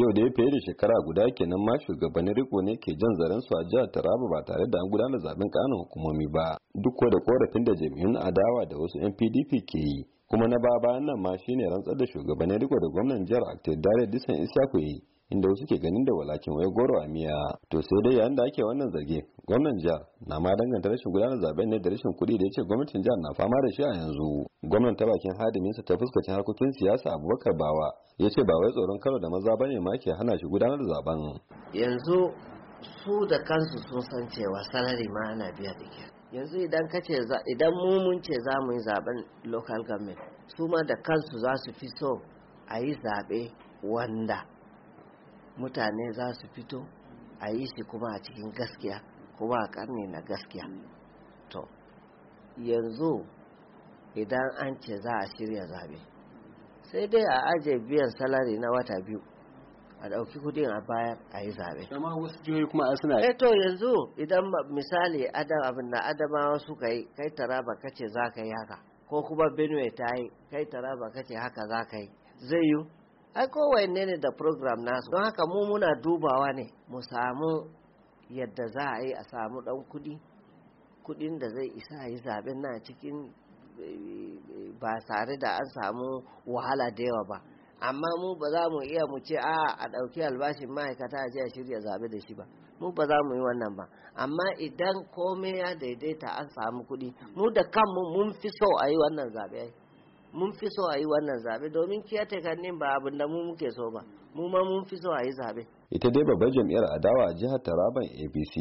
yau da ya fiye da shekara guda kenan ma shugabannin riko ne ke jan zaren su a jihar Taraba ba tare da an gudanar zaben kanun hukumomi ba duk da korafin da jami'un adawa da wasu NPDP ke yi kuma na baya bayan nan ma shine rantsar da shugabanni riko da gwamnan jihar Aktedare Disan Isaku yi inda wasu ke ganin da walakin wai goro a miya to sai dai yayin da ake wannan zargin, gwamnan jihar na ma danganta rashin gudanar zaben ne da rashin kuɗi da yace ce gwamnatin jihar na fama da shi a yanzu gwamnan ta bakin hadimin sa ta fuskacin harkokin siyasa abubakar bawa ya ce ba wai tsoron karo da maza bane ma ke hana shi gudanar zaben yanzu su da kansu sun san cewa salari ma ana biya da kyau yanzu idan ka idan mu mun ce za mu yi zaben local government su ma da kansu za su fi so a yi zaɓe wanda mutane za su fito a yi shi kuma a cikin gaskiya kuma a karni na gaskiya to yanzu idan an ce za a shirya zaɓe sai dai a ajiye biyan salari na wata biyu a ɗauki kudin a bayar a yi zaɓe. Dama wasu jihohi kuma a suna. Eh to yanzu idan misali adam abin da adamawa suka yi kai taraba kace za ka yi haka ko kuma Benue ta yi kai taraba kace haka za ka yi zai yi. Ai kowanne ne da program nasu don haka mu muna dubawa ne mu samu yadda za a yi a samu ɗan kuɗi kuɗin da zai isa a yi zaɓen na cikin eh, ba tare da an samu wahala da yawa ba. amma mu ba za mu iya mu ce a a ɗauki albashin ma'aikata a je a shirya zaɓe da shi ba mu ba za mu yi wannan ba amma idan komai ya daidaita an samu kuɗi mu da kanmu mun fi so a yi wannan zaɓe mun fi so a yi wannan zaɓe domin kiyatakan ba abin da mu muke so ba mu ma mun fi so a yi zaɓe ita dai babbar jam'iyyar adawa a jihar taraban apc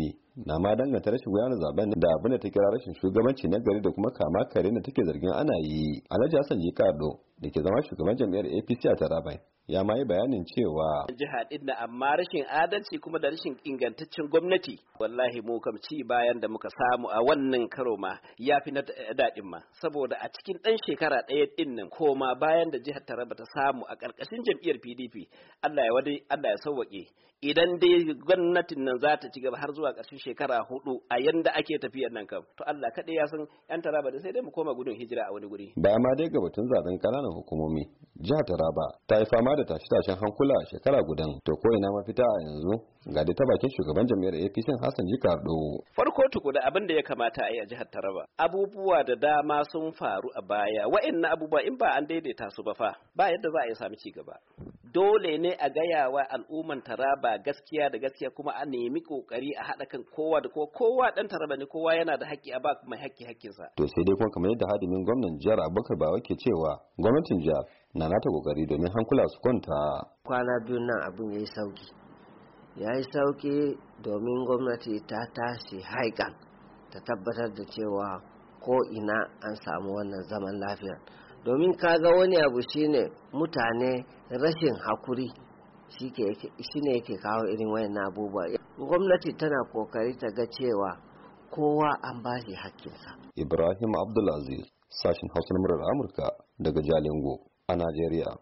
na ma danganta rashin gudanar zaben da abin da ta kira rashin shugabanci na gari da kuma kama kare na take zargin ana yi alhaji hassan jikardo da ke zama shugaban jam'iyyar apc a taraban ya ma yi bayanin cewa jiha din amma rashin adalci kuma da rashin ingantaccen gwamnati wallahi mu kam ci bayan da muka samu a wannan karo ma ya fi na daɗin ma saboda a cikin ɗan shekara ɗaya din koma bayan da jihar taraba ta samu a ƙarƙashin jam'iyyar pdp allah ya wadai allah ya sauwaƙe idan dai gwamnatin nan za ta ci gaba har zuwa ƙarshen shekara hudu a yanda ake tafiyar nan kam to Allah kaɗai ya san yan taraba da sai dai mu koma gudun hijira a wani guri ba ma dai ga batun zaben ƙananan hukumomi jihar taraba ta yi fama da tashe-tashen hankula a shekara gudan to ko ina mafita a yanzu ga ta bakin shugaban jami'ar APC Hassan Jikardo farko da abin da ya kamata a yi a jihar Taraba abubuwa da dama sun faru a baya wa'annan abubuwa in ba an daidaita su ba fa ba yadda za a yi sami ci gaba dole ne a gaya wa al'umman taraba gaskiya da gaskiya kuma a nemi kokari a haɗa kan kowa da kowa kowa dan taraba ne kowa yana da haƙƙi a ba mai haƙƙi haƙƙinsa to sai dai kuma kamar yadda hadimin gwamnan jihar abubakar bawa ke cewa gwamnatin jihar na nata kokari domin hankula su kwanta kwana biyu nan abin ya yi sauki ya sauki domin gwamnati ta tashi haikan ta tabbatar da cewa ko ina an samu wannan zaman lafiya domin ka ga wani abu shine mutane rashin hakuri shine yake kawo irin wayan abubuwa gwamnati tana kokari ta ga cewa kowa an ba shi hakkinsa ibrahim abdulaziz sashin hausa na murar amurka daga jalingo a najeriya